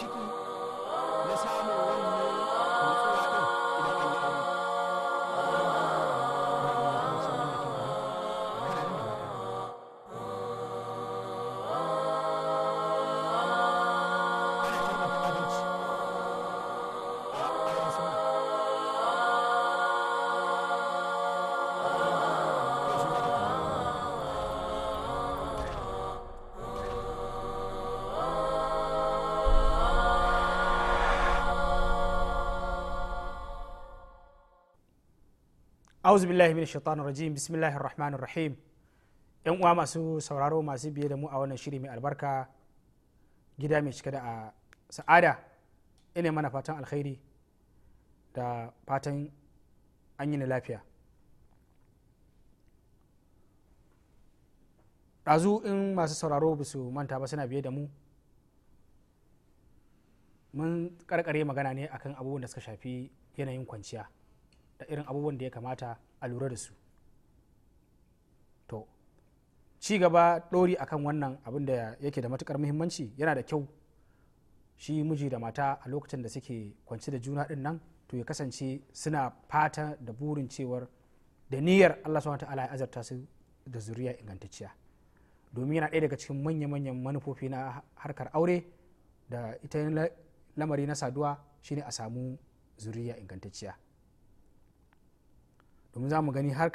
마시고 auzu billahi min shaitanir rajim bismillahir rahmanir rahim yan uwa masu sauraro masu biye da mu a wannan shiri mai albarka gida mai cike da a ah, sa'ada ina mana fatan alkhairi da fatan an yi na lafiya ɗazu in masu sauraro ba su manta ba suna biye da mu mun karkare magana ne akan abubuwan da suka shafi yanayin kwanciya da irin abubuwan da ya kamata a lura da su to ci gaba ɗori akan wannan abin da yake da matukar muhimmanci yana da kyau shi miji da mata a lokacin da suke kwance da juna din nan to ya kasance suna fata da burin cewar da niyyar allah subhanahu ta'ala ya azarta su da zuriya ingantacciya domin yana ɗaya daga cikin manya-manyan manufofi na harkar aure da ita lamari na saduwa shine a samu zuriya ingantacciya domin za mu gani har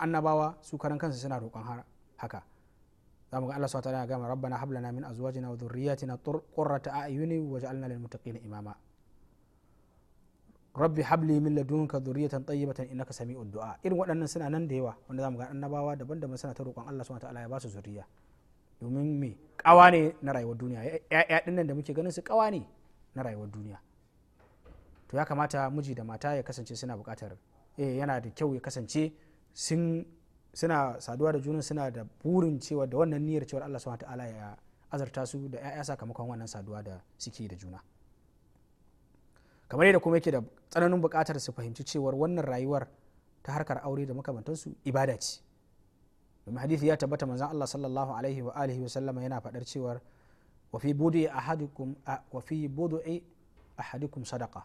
annabawa su karan kansu suna roƙon haka za mu ga Allah subhanahu gama ta'ala rabbana hab lana min azwajina wa dhurriyyatina qurrata a'yuni waj'alna lil muttaqina imama rabbi habli min ladunka dhurriyatan tayyibatan innaka sami'ud du'a irin waɗannan suna nan da yawa wanda za mu ga annabawa daban-daban suna ta roƙon Allah subhanahu ya ba su zuriya domin me kawa ne na rayuwar duniya ya'ya nan da muke ganin su kawa ne na rayuwar duniya to ya kamata miji da mata ya kasance suna buƙatar Eh, yana da kyau ya kasance suna saduwa da juna suna da burin cewa da wannan niyyar cewar Allah subhanahu ta'ala ya azarta su da 'ya'ya sakamakon wannan saduwa da suke da juna kamar yadda kuma yake da tsananin buƙatar su fahimci cewar wannan rayuwar ta harkar aure da makamantansu ibada ce domin hadisi ya tabbata manzon Allah sallallahu alaihi wa alihi wa sallama yana faɗar cewar wa fi budu ahadikum wa fi sadaqa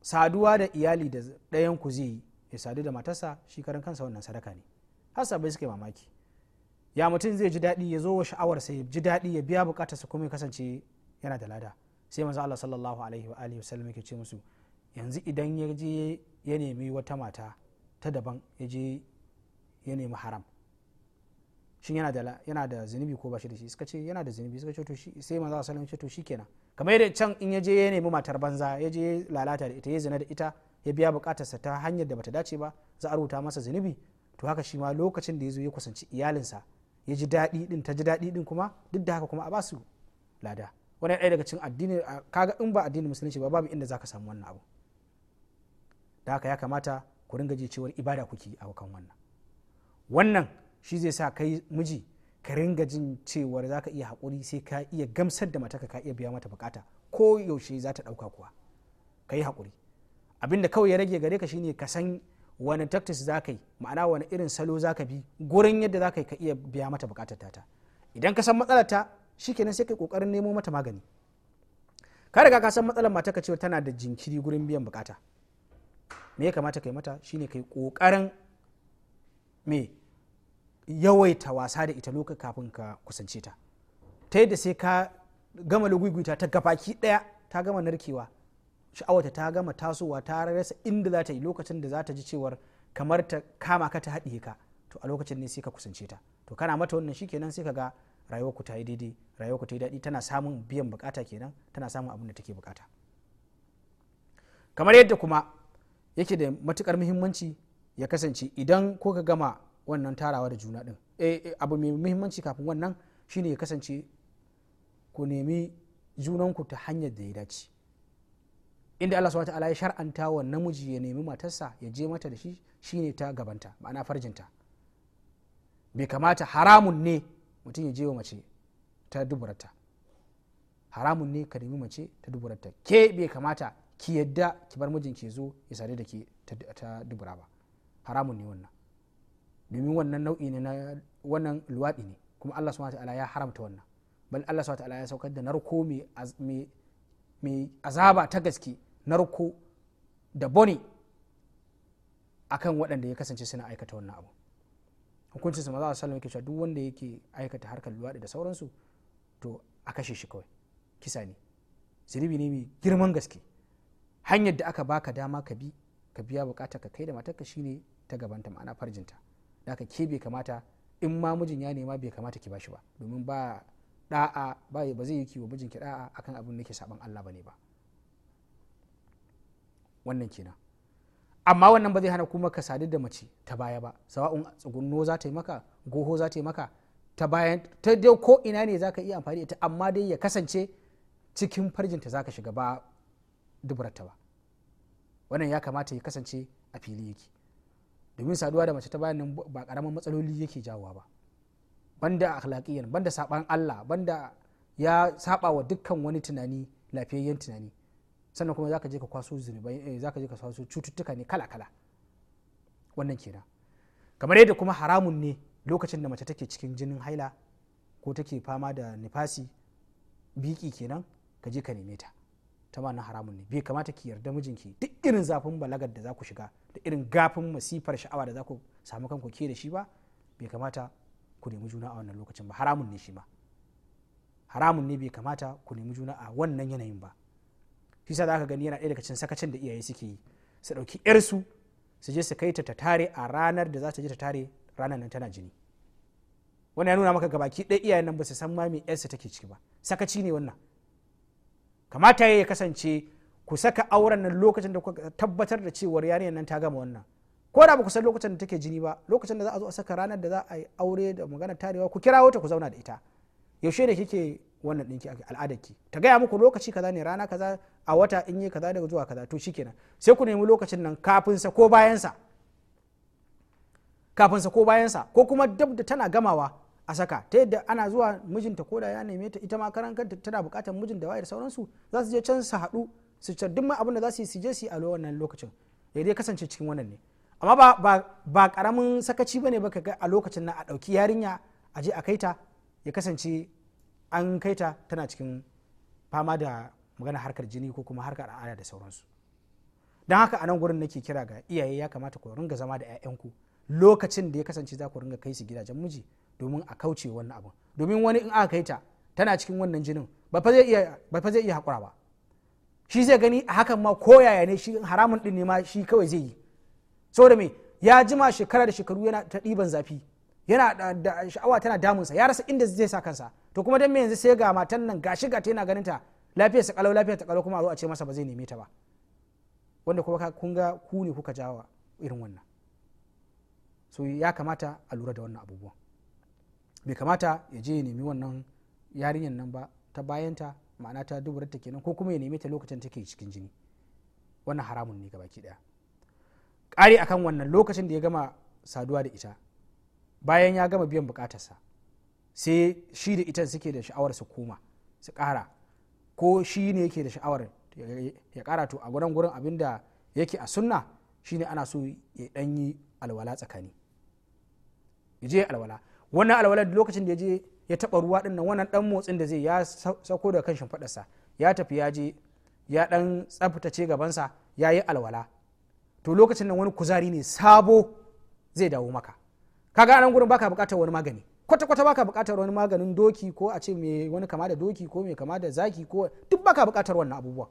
saduwa da iyali da ɗayan ku zai yi ya sadu da matarsa shi karan kansa wannan sadaka ne har sabai suke mamaki ya mutum zai ji daɗi ya zo wa sha'awarsa ya ji daɗi ya biya bukatarsa kuma ya kasance yana da lada sai manzo Allah sallallahu alaihi wa alihi wasallam yake ce musu yanzu idan ya je ya nemi wata mata ta daban ya je ya nemi haram shin yana da yana da zunubi ko ba shi da shi suka ce yana da zunubi suka ce to shi sai manzo Allah sallallahu alaihi wa sallam ya ce to shikenan kamar yadda can in ya je ya nemi matar banza ya je lalata da ita ya zina da ita ya biya bukatarsa ta hanyar da bata dace ba za a rubuta masa zunubi to haka shi ma lokacin da ya zo ya kusanci iyalinsa ya ji daɗi din ta ji daɗi din kuma duk da haka kuma a basu lada wani ɗaya daga cin addini kaga in ba addini musulunci ba babu inda zaka samu wannan abu da haka ya kamata ku ringa ji cewar ibada kuke a wannan wannan shi zai sa kai miji ka ringa jin cewar za ka iya haƙuri sai ka iya gamsar da mataka ka iya biya mata bukata ko yaushe za ta ɗauka kuwa ka yi haƙuri abinda kawai ya rage gare ka shine ka san wani taktis za ka yi ma'ana wani irin salo za ka bi gurin yadda za ka yi ka iya biya mata bukatar ta idan ka san matsalar ta shikenan sai ka kokarin nemo mata magani ka riga ka san matsalar mata ka cewa tana da jinkiri gurin biyan bukata me ya kamata ka yi mata shine ka yi kokarin me yawaita wasa da ita lokacin kafin ka kusance ta ta yadda sai ka gama lugugwita ta gabaki daya ta gama narkewa sha'awata ta gama tasowa ta rasa inda za ta yi lokacin da za ta ji cewar kamar ta kama ka ta haɗiye ka to a lokacin ne sai ka kusance ta to kana mata wannan shikenan sai ka ga rayuwar ku ta yi daidai rayuwar ku ta yi daɗi tana samun biyan bukata kenan tana samun abin da take bukata kamar yadda kuma yake da matukar muhimmanci ya kasance idan ko ka gama wannan tarawa da juna din eh, eh, abu mai muhimmanci kafin wannan shine ya kasance ku nemi junanku ta hanyar da ya dace inda Allah subhanahu ta'ala ya shar'anta wa namiji ya nemi matarsa ya je mata da shi shine ta gabanta ma'ana farjinta bai kamata haramun ne mutum ya je wa mace ta duburata haramun ne ka nemi mace ta duburata ke bai kamata ki yadda ki bar mijinki ya zo ya sare da ke ta dubura ba haramun ne wannan domin wannan nau'i ne na wannan luwaɗi ne kuma Allah subhanahu ta'ala ya haramta wannan bal Allah subhanahu ta'ala ya saukar da narko mai azaba ta gaske narko da boni akan waɗanda ya kasance suna aikata wannan abu hukuncin sa maza sallallahu alaihi duk wanda yake aikata harkar luwaɗi da sauransu to a kashe shi kawai kisa ne zunubi ne mai girman gaske hanyar da aka baka dama ka bi ka biya bukatar ka kai da matarka shine ta gabanta ma'ana farjinta haka ke bai kamata in ma mijin ya nema bai kamata ki bashi ba domin ba da'a ba ba zai yi kiwo mijin ki da'a akan abin da ke saban Allah bane ba wannan kenan amma wannan ba zai hana kuma ka sadu da mace ta baya ba sawa'un tsugunno za ta yi maka goho za ta yi maka ta bayan ta dai ko ina ne zaka iya amfani da ita amma dai ya kasance cikin farjinta zaka shiga ba duburarta ba wannan ya kamata ya kasance a fili yake domin saduwa da mace ta bayan nan ba karamin matsaloli yake jawowa ba banda akhlaqiyan banda saban Allah banda ya saba wa dukkan wani tunani lafiyayyen tunani sannan kuma zaka je ka kwaso zunubai eh, zaka je ka kwaso cututtuka ne kala kala wannan kenan kamar yadda kuma haramun ne lokacin da mace take cikin jinin haila ko take fama da nifasi biki kenan ka je ka neme ta ta ma na haramun ne bai kamata ki yarda mijinki duk irin zafin balagar da za ku shiga da irin gafin masifar sha'awa da za ku samu kanku ke da shi ba bai kamata ku nemi juna a wannan lokacin ba haramun ne shi ma haramun ne bai kamata ku nemi juna a wannan yanayin ba shi sa za gani yana ɗaya daga cikin sakacin da iyaye suke yi su ɗauki yarsu su je su kai ta ta tare a ranar da za ta je ta tare ranar nan tana jini wannan ya nuna maka gabaki ɗaya iyayen nan ba su san ma me yarsa take ciki ba sakaci ne wannan kamata ya kasance ku saka auren nan lokacin da kuka tabbatar da cewar yarinyar nan ta gama wannan ko da ba ku san lokacin da take jini ba lokacin da za a zo a saka ranar da za a yi aure da magana tarewa ku kirawo ta ku zauna da ita yaushe ne kike wannan al'adar ki ta gaya muku lokaci kaza ne rana kaza a wata in yi kaza daga zuwa kaza to shikenan sai ku nemi lokacin nan kafin sa ko bayan sa kafin sa ko bayan sa ko kuma dab da tana gamawa a saka ta yadda ana zuwa mijinta ko da ya neme ta ita ma karan kanta tana bukatar mijin da wayar sauransu za su je can su haɗu su ci duk ma abin da za su yi su je su yi a wannan lokacin da dai kasance cikin wannan ne amma ba ba karamin sakaci bane ba ga a lokacin na a ɗauki yarinya a je a kai ta ya kasance an kai ta tana cikin fama da magana harkar jini ko kuma harkar al'ada da sauransu don haka a nan gurin nake kira ga iyaye ya kamata ku ringa zama da 'ya'yanku lokacin da ya kasance za ku ringa kai su gidajen miji domin a kauce wannan abin domin wani in aka kai ta tana cikin wannan jinin ba fa zai iya haƙura ba shi zai gani a hakan ma ko yaya ne shi haramun din ne ma shi kawai zai yi saboda me ya jima shekara da shekaru yana ta ɗiban zafi yana da sha'awa tana damunsa ya rasa inda zai sa kansa to kuma dan me yanzu sai ga matan nan gashi ga ta yana ganin ta lafiyar sa kalau lafiyar ta kalau kuma a zo a ce masa ba zai neme ta ba wanda kuma kun ga ku ne kuka jawa irin wannan so ya kamata a lura da wannan abubuwan bai kamata ya je ya nemi wannan yarinyar nan ba ta bayanta ma'ana ta dubarar ta kenan ko kuma ya nemi ta lokacin take cikin jini wannan haramun ne baki daya ƙari akan wannan lokacin da ya gama saduwa da ita bayan ya gama biyan bukatarsa sai shi da ita suke da sha'awar su koma su ƙara ko shi ne yake da sha'awar ya ƙara to a gurin gurin abin da yake a sunna shine ana so ya ɗanyi alwala tsakani ya je alwala wannan alwala lokacin da ya je ya taɓa ruwa dinnan wannan dan motsin da zai ya sauko da kan sa ya tafi ya je ya ɗan tsaftace gabansa ya yi alwala to lokacin nan wani kuzari ne sabo zai dawo maka kaga anan gurin baka buƙatar wani magani kwata kwata baka buƙatar wani maganin doki ko a ce me wani kama da doki ko me kama da zaki ko duk baka buƙatar wannan abubuwa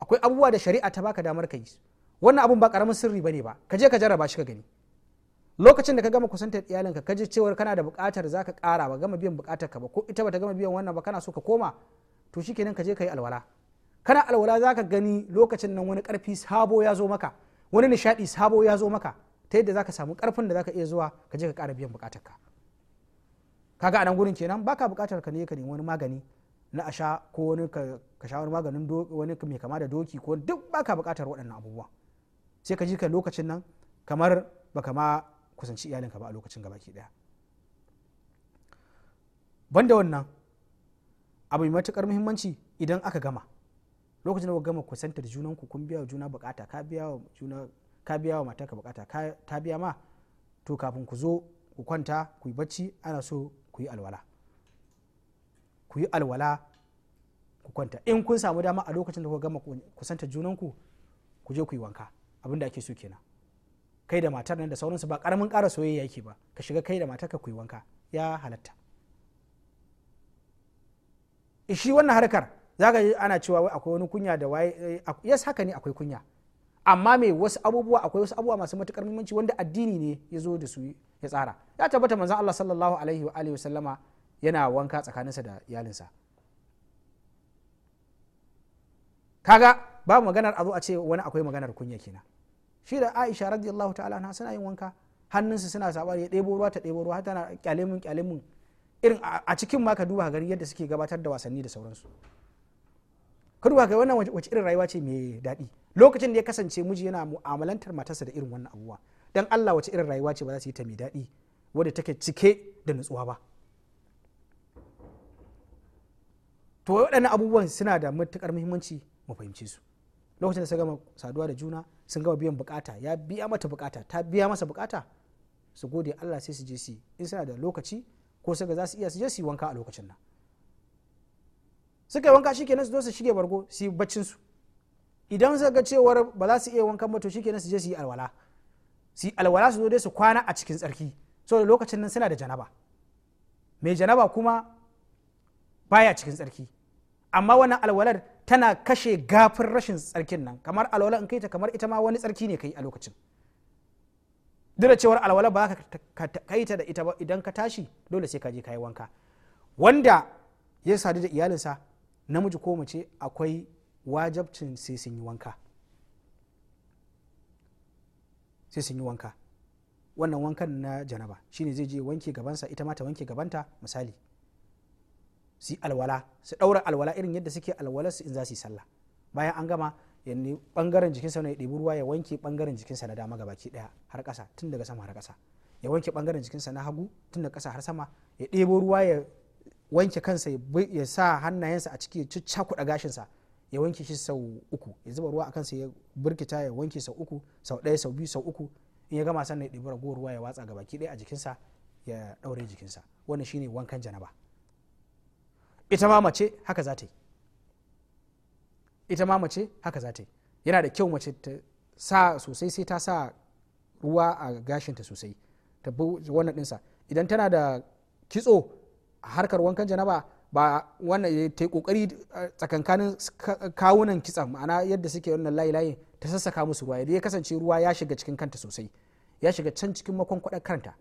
akwai abubuwa da shari'a ta baka damar ka yi wannan abun ba karamin sirri bane ba ka je ka jarraba shi ka gani lokacin da ka gama kusantar iyalinka ka ji cewar kana da bukatar za ka ƙara ba gama biyan buƙatar ka ba ko ita bata gama biyan wannan ba kana so ka koma to shikenan ka je ka yi alwala kana alwala za ka gani lokacin nan wani ƙarfi sabo ya zo maka wani nishaɗi sabo ya zo maka ta yadda za ka samu karfin da za ka iya zuwa ka je ka kara biyan buƙatar ka ka a nan gurin kenan baka buƙatar ka ne ka nemi wani magani na a ko wani ka sha wani maganin wani mai kama da doki ko duk baka bukatar waɗannan abubuwa sai ka ji ka lokacin nan kamar baka ma kusanci iyalinka ba a lokacin gabaki daya banda wannan abu mai matukar muhimmanci idan aka gama lokacin da gama kusantar junan ku kun biya wa juna bukata ka biya wa juna ka biya wa matarka bukata ta biya ma to kafin ku zo ku kwanta ku yi bacci ana so ku yi alwala ku yi alwala ku kwanta in kun samu dama a lokacin da kuka gama kusantar junanku ku je ku yi wanka abinda ake so kenan kai da matar nan da sauransu ba karamin kara soyayya yake ba ka shiga kai da matar ka kuyi wanka ya halatta shi wannan harkar za ka ana cewa wai akwai wani kunya da waye eh, yes haka ne akwai kunya amma me wasu abubuwa akwai wasu abubuwa masu matukar muhimmanci wanda addini ne ya zo da su ya tsara ya tabbata manzon Allah sallallahu alaihi wa alihi wasallama yana wanka tsakaninsa da iyalinsa kaga babu maganar a zo a ce wani akwai maganar kunya kenan shi da aisha radiyallahu ta'ala na suna yin wanka hannunsu suna sabar ya ɗebo ruwa ta ɗebo ruwa tana kyalemin kyalemin irin a cikin ma ka duba gari yadda suke gabatar da wasanni da sauransu ka duba ga wannan wace irin rayuwa ce mai daɗi lokacin da ya kasance miji yana mu'amalantar matarsa da irin wannan abubuwa dan Allah wace irin rayuwa ce ba za su yi ta mai daɗi wadda take cike da nutsuwa ba to waɗannan abubuwan suna da matuƙar muhimmanci mu fahimce su lokacin da suka gama saduwa da juna sun gama biyan bukata ya biya mata bukata ta biya masa bukata su gode Allah sai su je su in suna da lokaci ko suka za su iya su je su yi wanka a lokacin nan suka yi wanka shikenan su zo su shige bargo su yi su idan suka ga cewar ba za su iya wankan ba to shikenan su je su yi alwala su yi alwala su zo dai su kwana a cikin tsarki saboda lokacin nan suna da janaba mai janaba kuma baya cikin tsarki amma wannan alwalar tana kashe gafin rashin tsarkin nan kamar alwalar in kai ta kamar ita ma wani tsarki ne kai a lokacin duk da cewar alwala ba ka kai ta da ita ba idan ka tashi dole sai ka je kayi wanka wanda ya sadu da iyalinsa namiji ko mace akwai wajabcin sai sun yi wanka sai sun yi wanka wannan wankan na janaba shine zai je wanke gabansa ita ma ta wanke gabanta misali su alwala su daura alwala irin yadda suke alwala su in za su yi sallah bayan an gama yanni bangaren jikinsa ne ya ɗebi ruwa ya wanke bangaren jikinsa na dama gabaki daya har ƙasa tun daga sama har ƙasa ya wanke bangaren jikinsa na hagu tun daga ƙasa har sama ya ɗebo ruwa ya wanke kansa ya sa hannayensa a ciki ya ciccakuɗa gashinsa ya wanke shi sau uku ya zuba ruwa a kansa ya birkita ya wanke sau uku sau ɗaya sau biyu sau uku in ya gama sannan ya ɗebi ragowar ruwa ya watsa gabaki ɗaya a jikinsa ya ɗaure jikinsa wannan shine wankan janaba ita ma mace haka za ta yi ita ma mace haka za ta yi yana da kyau mace ta sa sosai sai ta sa ruwa a gashinta sosai ta wannan dinsa idan tana da kitso a harkar wankan janaba ba wannan ta yi kokari tsakankanin kawunan kitsan ma'ana yadda suke wannan layi layi ta sassaka musu ruwa ya kasance ruwa ya shiga cikin kanta sosai ya shiga can cikin makon kanta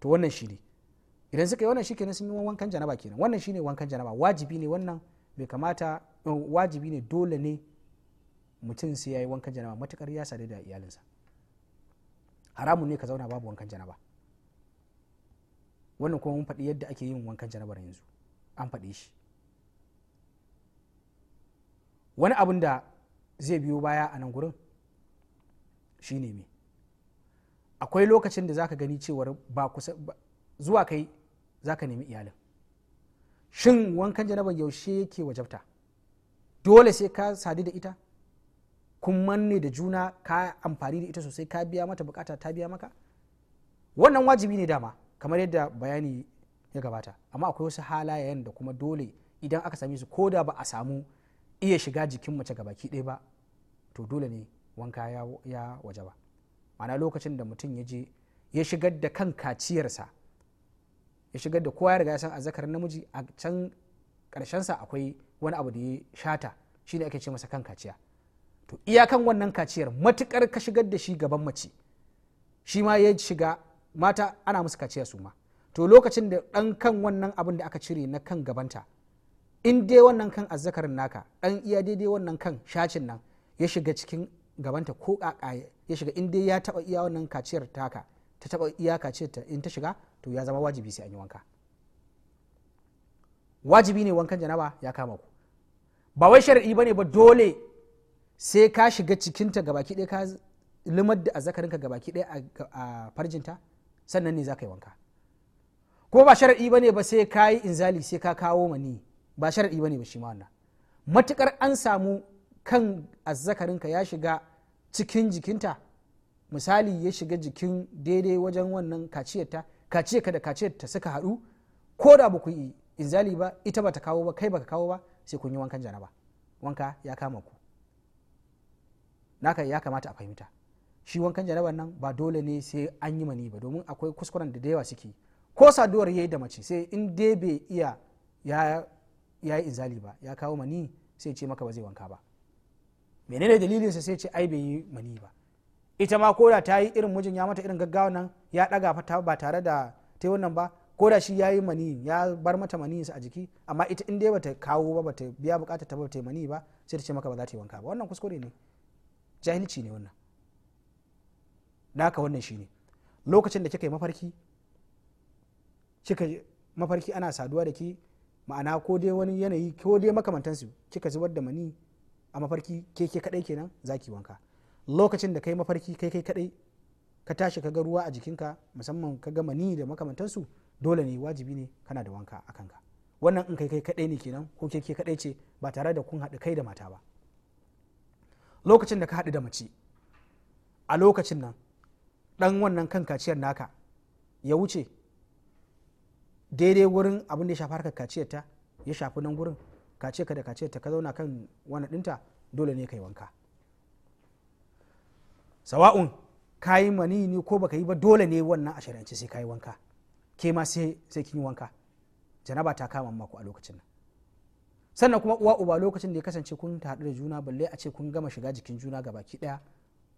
to wannan shi ne idan suka yi wannan kenan sun yi wankan janaba kenan wannan shine wankan janaba wajibi ne wannan bai kamata eh, wajibi ne dole ne mutum sai yayi wankan janaba matukar ya sadu da iyalinsa haramun ne ka zauna babu wankan janaba wannan kuma mun faɗi yadda ake yin wankan janabar yanzu an faɗi shi wani abun da zai biyo baya a nan gurin shine me akwai lokacin da zaka gani cewar ba kusa zuwa kai za ka nemi iyalin shin wankan janaban yaushe yake wajabta dole sai ka sadu da ita kun manne da juna ka amfani da ita sosai ka biya mata bukata ta biya maka wannan wajibi ne dama kamar yadda bayani ya gabata amma akwai wasu halayen da kuma dole idan aka same su ko da ba a samu iya shiga jikin mace gabaki ɗaya ba to dole ne wanka ya, ya waje ba ma'ana lokacin da mutum ya je ya shigar da kan kaciyarsa ya shigar da kowa ya riga ya san namiji a can sa akwai wani abu da ya shata shine ake ce masa kan kaciya to iyakan wannan kaciyar matukar ka shigar da shi gaban mace shi ma ya shiga mata ana musu kaciya su ma to lokacin da dan kan wannan abin da aka cire na kan gabanta in dai wannan kan azzakarin naka dan iya daidai wannan kan shacin nan ya shiga cikin gabanta ko kakaye ya shiga in dai ya taba iya wannan kaciyar taka ta taba iya kaciyar ta in ta shiga to ya zama wajibi sai an yi wanka wajibi ne wankan janaba ya kama ku ba wai shari'i bane ba dole sai ka shiga cikinta gabaki ɗaya ka limar da azzakarinka gabaki ɗaya a farjinta sannan ne za ka yi wanka ko ba shari'i bane ba sai ka yi inzali sai ka kawo mani ba shari'i bane ba shi ma wannan matukar an samu kan azzakarinka ya shiga cikin jikinta misali ya shiga jikin daidai wajen wannan kaciyarta kaciya ka da kaciya ta saka haɗu ko da baku yi inzali ba ita bata kawo ba kai baka kawo ba sai kun yi wankan janaba wanka ya kama ku naka ya kamata a fahimta shi wankan janaban nan ba dole ne sai an yi mani ba domin akwai kuskuren da da yawa suke ko saduwar yayi da mace sai in dai bai iya ya yi inzali ba ya kawo mani sai ce maka ba zai wanka ba menene dalilinsa sai ce ai bai yi mani ba ita ma ko da ta yi irin mijin ya mata irin gaggawa nan ya ɗaga fata ba tare da ta wannan ba ko da shi ya yi mani ya bar mata mani a jiki amma ita in dai bata kawo ba bata biya bukata ta bata mani ba sai ta ce maka ba za ta yi wanka ba wannan kuskure ne jahilci ne wannan naka wannan shine lokacin da kika yi mafarki kika mafarki ana saduwa da ki ma'ana ko dai wani yanayi ko dai makamantansu kika zubar da mani a mafarki ke ke kadai kenan zaki wanka lokacin da kai mafarki kai kai kadai ka tashi ka ga ruwa a jikinka musamman ka ga mani da makamantansu dole ne wajibi ne kana da wanka a kanka wannan in kai kai kadai ne kenan ko ke ke kadai ce ba tare da kun haɗu kai da mata ba lokacin da ka haɗu da mace a lokacin nan ɗan wannan kan kaciyar naka ya wuce daidai wurin abin da ya shafi harkar kaciyar ta ya shafi nan gurin kace ka da kaciyar ta ka zauna kan wani ɗinta dole ne ka yi wanka sawa'un ka yi mani ne ko baka yi ba dole ne wannan a shari'ance sai ka yi wanka ke ma sai kin yi wanka janaba ta kama mako a lokacin nan sannan kuma uwa uba lokacin da ya kasance kun haɗu da juna balle a ce kun gama shiga jikin juna ga baki ɗaya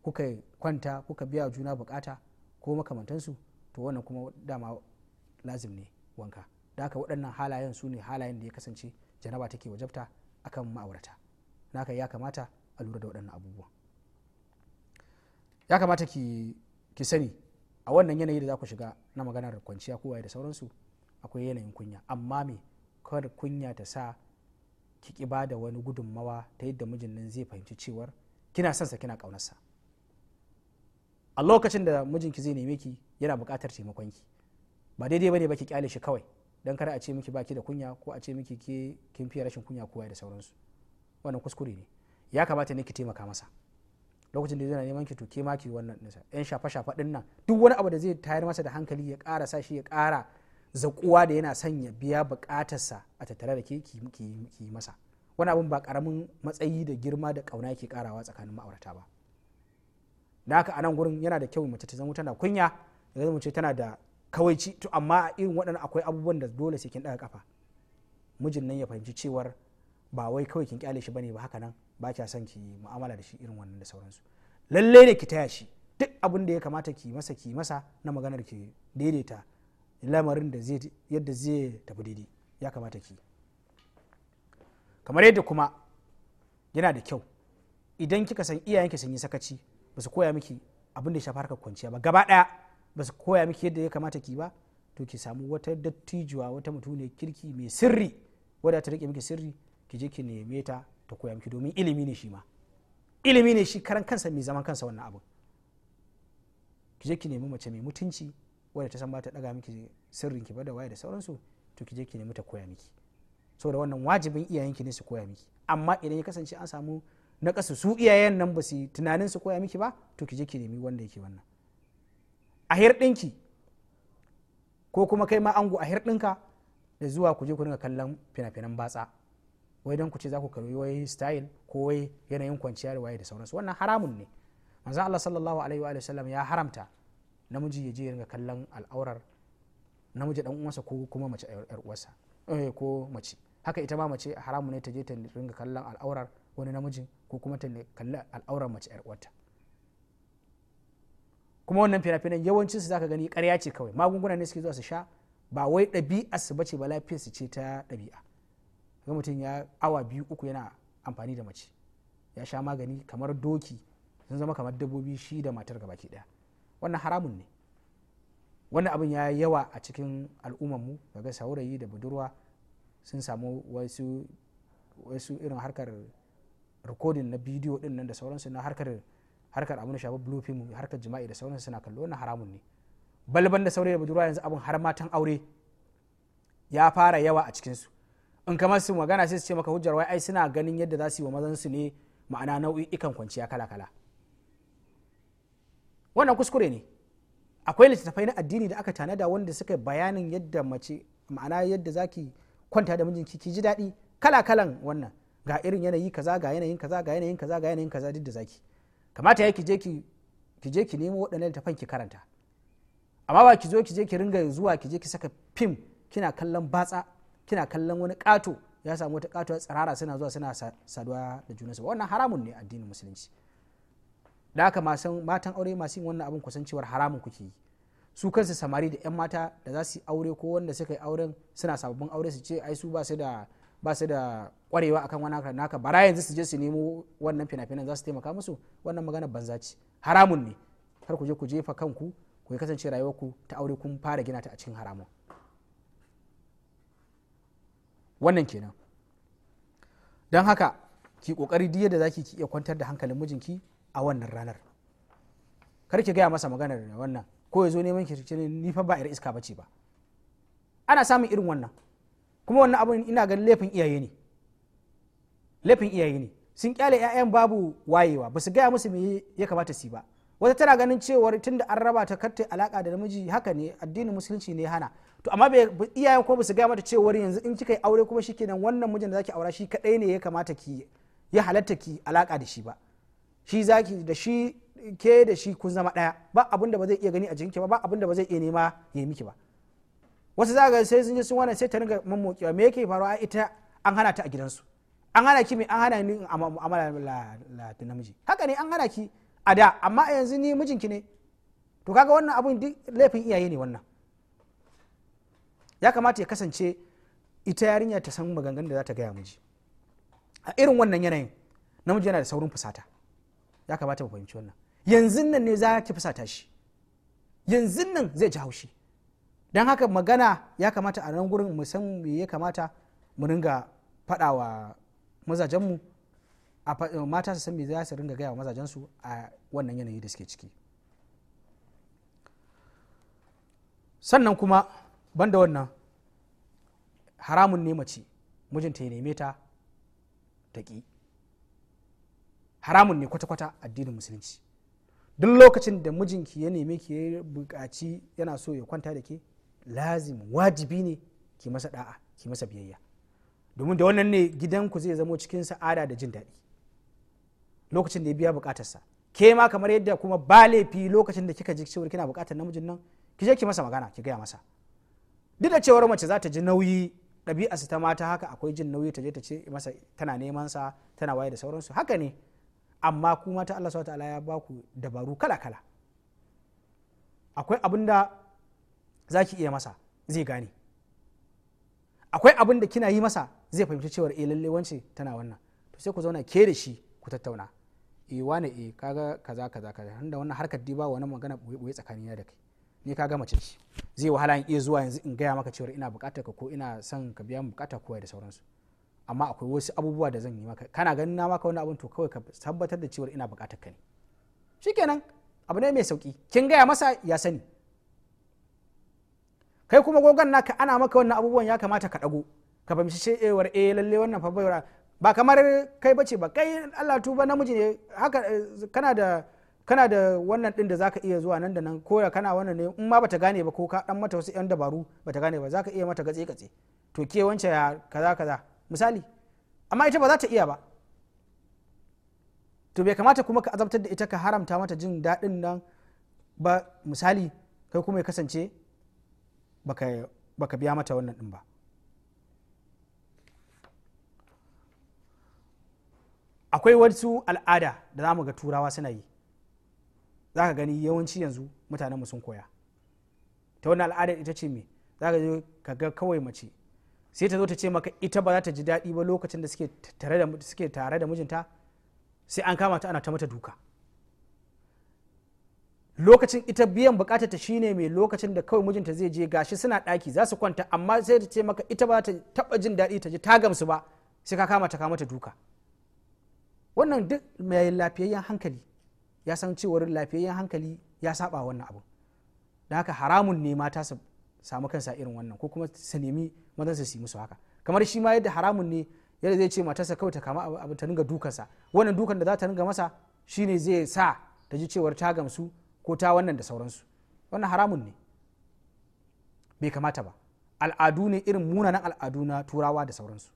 kuka kwanta kuka biya juna bukata ko makamantansu to wannan kuma dama lazim ne wanka da haka waɗannan halayen su ne halayen da ya kasance janaba take wajabta akan ma'aurata naka ya kamata a lura da waɗannan abubuwan ya kamata ki sani a wannan yanayi da za ku shiga na maganar kwanciya kowa da sauransu akwai yanayin kunya amma me kar kunya ta sa ki ki da wani gudunmawa ta yadda mijin nan zai fahimci cewar kina son sa kina kaunarsa a lokacin da mijinki zai neme ki yana buƙatar taimakon ki ba daidai bane ba ki kyale shi kawai dan kar a ce miki baki da kunya ko a ce miki ke kin fiye rashin kunya kowa da sauransu wannan kuskure ne ya kamata ne ki taimaka masa lokacin da yana neman ki to ke ma ki wannan ɗinsa yan shafa shafa ɗin nan duk wani abu da zai tayar masa da hankali ya ƙara sa shi ya ƙara zaƙuwa da yana sanya ya biya buƙatarsa a tattare da ke ki yi masa wani abun ba ƙaramin matsayi da girma da ƙauna ke ƙarawa tsakanin ma'aurata ba da haka a nan gurin yana da kyau mace ta zama tana kunya da zama ce tana da kawaici to amma a irin waɗannan akwai abubuwan da dole sai kin ɗaga kafa mijin nan ya fahimci cewar ba wai kawai kin kyale shi ne ba haka nan ba kya son ki mu'amala da shi irin wannan da sauransu lalle ne ki taya shi duk abin da ya kamata ki masa ki masa na maganar ki daidaita lamarin da zai yadda zai tafi daidai ya kamata ki kamar yadda kuma yana da kyau idan kika san iyayenki sun yi sakaci ba su koya miki abin da ya shafi harkar kwanciya ba gaba daya ba su koya miki yadda ya kamata ki ba to ki samu wata dattijuwa wata ne kirki mai sirri wadda ta rike miki sirri ki je ki neme ta ta koya miki domin ilimi ne shi ma ilimi ne shi karan kansa mai zaman kansa wannan abun ki je ki nemi mace mai mutunci wadda ta san ba ta daga miki sirrin ki ba da waye da sauransu to ki je ki nemi ta koya miki saboda wannan wajibin ki ne su koya miki amma idan ya kasance an samu na kasu su iyayen nan ba su tunanin su koya miki ba to ki je ki nemi wanda yake wannan a hir ɗinki ko kuma kai ma ango a hir ɗinka da zuwa ku je ku dinga kallon fina-finan batsa wai don ku ce za ku karbi wai style ko wai yanayin kwanciya da waye da sauransu wannan haramun ne manzo Allah sallallahu alaihi wa sallam ya haramta namiji ya je ringa kallon al'aurar namiji dan uwansa ko kuma mace yar uwarsa eh, ko mace haka ita ma mace haramun ne ta je ta ringa kallon al'aurar wani namijin ko kuma ta kalli al'aurar mace yar uwarta kuma wannan fina-finan yawancin su zaka gani ƙarya ce kawai magunguna ne suke zuwa su sha ba wai ɗabi'a su bace ba lafiyar su ce ta ɗabi'a ga mutum ya awa biyu uku yana amfani da mace ya sha magani kamar doki sun zama kamar dabbobi shi da matar gabaki daya wannan haramun ne wannan abin ya yawa a cikin al'ummarmu daga saurayi da budurwa sun samu wasu irin harkar rikodin na bidiyo din nan da sauransu na harkar harkar abin shafi blue harkar jima'i da sauransu suna kallo wannan haramun ne balban da saurayi da budurwa yanzu abin har matan aure ya fara yawa a cikinsu in kamar su magana sai su ce maka hujjar wai ai suna ganin yadda za su yi wa mazan su ne ma'ana nau'iikan kwanciya kala kala wannan kuskure ne akwai littattafai na addini da aka tanada wanda suka bayanin yadda mace ma'ana yadda zaki kwanta da mijinki ki ji daɗi kala kalan wannan ga irin yanayi kaza ga yanayin kaza ga yanayin kaza ga yanayin kaza duk da zaki kamata ya ki je ki ki je ki nemo waɗannan littafan ki karanta amma ba ki zo ki je ki ringa zuwa ki je ki saka fim kina kallon batsa kina kallon wani kato ya samu wata ƙatuwa tsirara suna zuwa suna saduwa da juna su wannan haramun ne addinin musulunci da haka matan aure masu yin wannan abin kusancewar haramun kuke yi su kansu samari da 'yan mata da za su yi aure ko wanda suka yi auren suna sababbin aure su ce ai su ba su da ba su da kwarewa akan wani haka naka bara yanzu su je su nemo wannan fina-finan za su taimaka musu wannan magana banza ce haramun ne har ku je ku jefa kanku ku yi kasance rayuwarku ta aure kun fara gina ta a cikin haramun wannan kenan don haka ki kokari duk da zaki ki iya kwantar da hankalin mijinki a wannan ranar kar ki gaya masa magana da wannan ko ya zo neman ki ce ni fa ba ir iska bace ba ana samun irin wannan kuma wannan abun ina ganin laifin iyaye ne laifin iyaye ne sun kyale ƴaƴan babu wayewa ba su gaya musu me ya kamata su ba wata tana ganin cewar tunda an raba ta karta alaka da namiji haka ne addinin musulunci ne hana to amma iyayen kuma su gaya mata cewar yanzu in kika yi aure kuma shi kenan wannan mijin da zaki aura shi kadai ne ya kamata ki ya halatta ki alaka da shi ba shi zaki da shi ke da shi kun zama daya ba abin da ba zai iya gani a jikinki ba ba abin da ba zai iya nema ya miki ba wasu zaka sai sun je sun wannan sai ta ringa mammokewa me yake a ita an hana ta a gidansu an hana ki me an hana ni a mu'amala da namiji haka ne an hana ki a da amma yanzu ni mijinki ne to kaga wannan abun duk laifin iyaye ne wannan ya kamata ya kasance ita yarinya ta san maganganun da za ta gaya miji a irin wannan yanayin namiji yana da saurin fusata ya kamata mu fahimci wannan yanzu nan ne za ki fusata shi yanzu nan zai ji haushi don haka magana ya kamata a nan gurin mu san me ya kamata mu ringa faɗa wa mazajenmu mata su san me za su ringa gaya wa mazajensu a wannan yanayin da suke ciki sannan kuma Ban da wannan haramun ne mace mijinta ya neme ta ta ƙi haramun ne kwata-kwata addinin musulunci duk lokacin da mijinki ya neme ki ya buƙaci yana so ya kwanta da ke lazim wajibi ne ki masa da'a ki masa biyayya domin da wannan ne gidanku zai zamo cikin sa'ada da jin daɗi lokacin da ya biya buƙatarsa ke ma kamar yadda kuma ba laifi lokacin da kika ji cewar kina buƙatar namijin nan ki je ki masa magana ki gaya masa duk da cewar mace za ta ji nauyi ɗabi'a su ta mata haka akwai jin nauyi ta je ta ce masa tana neman sa tana waye da sauransu haka ne amma kuma ta Allah ta'ala ya ba ku dabaru kala kala akwai abin da za ki iya masa zai gane akwai abin da kina yi masa zai fahimci cewar eh lalle wance tana wannan to sai ku zauna ke da shi ku tattauna eh wane eh kaga kaza kaza kaza da wannan harkar diba wani magana boye boye tsakanin da kai ni kaga mace shi. zai wahala in iya zuwa yanzu in gaya maka cewa ina bukatar ka ko ina son ka biya mu bukata kowai da sauransu amma akwai wasu abubuwa da zan yi maka kana ganin na maka wani abun to kawai ka tabbatar da cewar ina bukatar ka ne shikenan abu ne mai sauki kin gaya masa ya sani kai kuma gogon naka ana maka wannan abubuwan ya kamata ka dago ka fahimci cewar eh lalle wannan fa ba kamar kai bace ba kai Allah tuba namiji ne haka eh, kana da kana da wannan din da zaka iya zuwa nan da nan ko da kana wannan ne in ma bata gane ba ko ka dan mata wasu yan dabaru bata gane ba zaka iya mata gatse gatse to ke wance ya kaza kaza misali amma ita ba za ta iya ba to bai kamata kuma ka azabtar da ita ka haramta mata jin daɗin nan ba misali kai kuma ya kasance baka baka biya mata wannan din ba akwai wasu al'ada da zamu ga turawa suna yi za ka gani yawanci yanzu mutanenmu sun koya ta wani al'adar ita ce me za ka je ka kawai mace sai ta zo ta ce maka ita ba za ta ji daɗi ba lokacin da suke tare da mijinta sai an kama ta ana ta mata duka lokacin ita biyan bukatar ta shine mai lokacin da kawai mijinta zai je gashi suna ɗaki za su kwanta amma sai ta ce maka ita ba ta taba jin daɗi ta ji ta gamsu ba sai ka kama ta kama ta duka wannan duk mai lafiyayyen hankali ya san cewar lafiyayyen hankali ya saba wannan abu da haka haramun ne mata su samu kansa irin wannan ko kuma su nemi mazan su yi musu haka kamar shi ma yadda haramun ne yadda zai ce matarsa kawai ta kama abu ta ringa dukansa wannan dukan da za ta ringa masa shine zai sa ta ji cewar ta gamsu ko ta wannan da sauransu wannan haramun ne bai kamata ba al'adu ne irin munanan al'adu na turawa da sauransu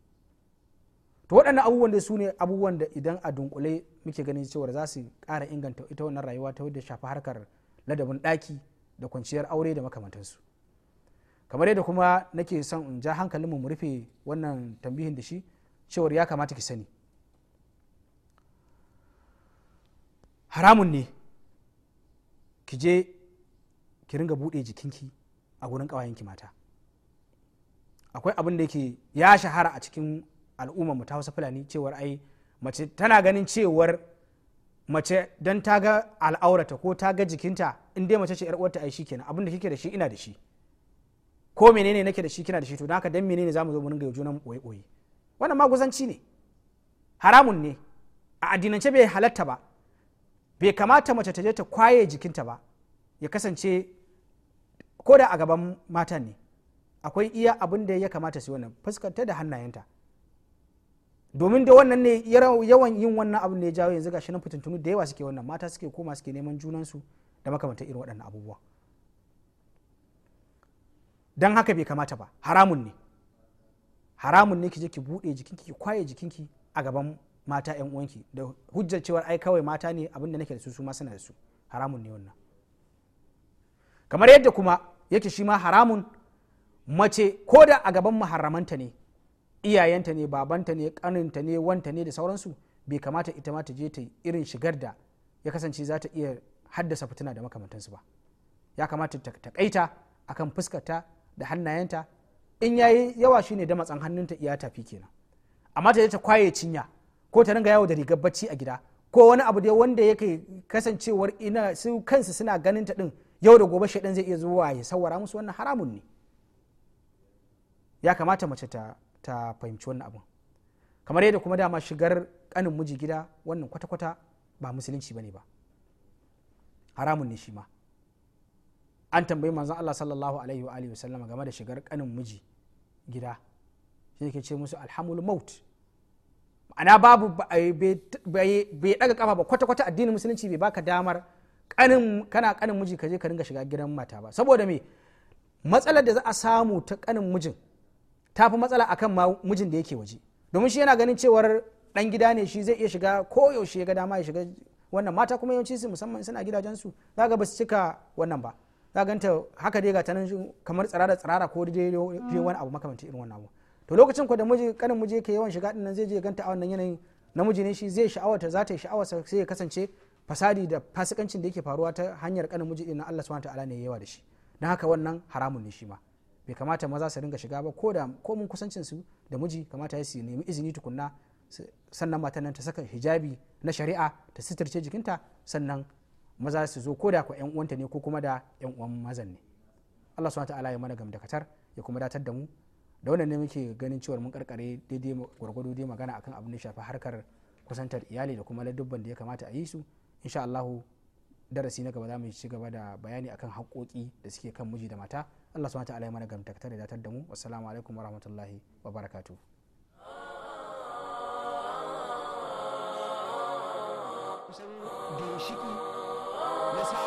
to waɗannan abubuwan da su ne abubuwan da idan a dunkule muke ganin cewar za su ƙara inganta ita wannan rayuwa ta wadda shafi harkar ladabin ɗaki da kwanciyar aure da makamantansu kamar yadda kuma nake son in ja hankalin mu rufe wannan tambihin da shi cewar ya kamata ki sani haramun ne ki je ki ringa buɗe jikinki a wurin ƙawayenki mata akwai abin da yake ya shahara a cikin al'umma mu ta hausa fulani cewar ai mace tana ganin cewar mace don ta ga al'aurata ko ta ga jikinta in dai mace ce yar uwarta ai shikenan abin da kike da shi ina da shi ko menene nake da shi kina da shi to dan haka dan menene zamu zo mu ringa junan boye boye wannan ma gusanci ne haramun ne a addinance bai halatta ba bai kamata mace ta je ta kwaye jikinta ba ya kasance ko da a gaban matan ne akwai iya abin da ya kamata su wannan fuskanta da hannayenta domin da wannan ne yawan yin wannan abu ne jawo yanzu gashi nan fitintunu da yawa suke wannan mata suke koma suke neman su da makamanta irin waɗannan abubuwa don haka bai kamata ba haramun ne haramun ne ki je ki buɗe jikinki ki kwaye jikinki a gaban mata yan uwanki da hujjar cewar ai kawai mata ne abin da nake da su su ma suna da su haramun ne wannan kamar yadda kuma yake shi ma haramun mace ko da a gaban maharamanta ne iyayenta ne babanta ne kaninta ne wanta ne da sauransu bai kamata ita ma ta je ta irin shigar da ya kasance za ta iya haddasa fituna da makamantansu ba ya kamata ta takaita akan fuskarta da hannayenta in yayi yawa shine da matsan hannunta iya tafi kenan amma ta je ta kwaye cinya ko ta ringa yawo da rigar bacci a gida ko wani abu da wanda yake kasancewar ina su kansu suna ganin ta din yau da gobe shaidan zai iya zuwa ya sawara musu wannan haramun ne ya kamata mace ta ta fahimci wannan abu kamar yadda kuma dama shigar kanin miji gida wannan kwata-kwata ba musulunci ne ba haramun ne shi ma an tambayi manzon Allah sallallahu alaihi wa alihi wasallam game da shigar kanin miji gida shi ne ce musu alhamul maut ma'ana babu bai daga kafa ba kwata-kwata addinin musulunci bai baka damar kanin kana kanin miji ka je ka ringa shiga gidan mata ba saboda me matsalar da za a samu ta kanin mijin ta fi matsala akan ma mijin da yake waje domin shi yana ganin cewar dan gida ne shi zai iya shiga ko yaushe ya ga dama ya shiga wannan mata kuma yawanci su musamman suna gidajensu ga ba su cika wannan ba za ganta haka dai ga ta nan kamar tsirara tsirara ko dai mm. wani abu makamanci irin wannan abu to lokacin ku da miji kanin miji yake yawan shiga dinnan zai je ganta a wannan yanayin namiji ne shi zai sha'awata za ta yi sha'awarsa sai ya kasance fasadi da fasikancin da yake faruwa ta hanyar kanin miji din Allah subhanahu ta'ala ne yawa da shi dan haka wannan haramun ne shi ma bai kamata maza su ringa shiga ba ko da komun kusancin su da miji kamata ya su nemi izini tukunna sannan matan nan ta saka hijabi na shari'a ta sitirce jikinta sannan maza su zo ko da ku yan uwanta ne ko kuma da yan uwan mazan ne Allah subhanahu ta'ala ya mana katar ya kuma datar da mu da wannan ne muke ganin cewa mun karkare daidai gwargwado dai magana akan abin da shafi harkar kusantar iyali da kuma ladubban da ya kamata a yi su insha Allahu darasi na gaba za mu ci gaba da bayani akan haƙoƙi da suke kan miji da mata Allah subhanahu wataala ya mana gamtakta da datar da mu assalamu alaikum wa wabarakatuh kusan ginshiki na